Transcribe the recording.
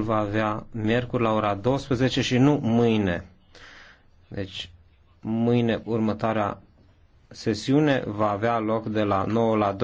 votul va avea miercuri la ora 12 și nu mâine. Deci mâine următoarea sesiune va avea loc de la 9 la 12.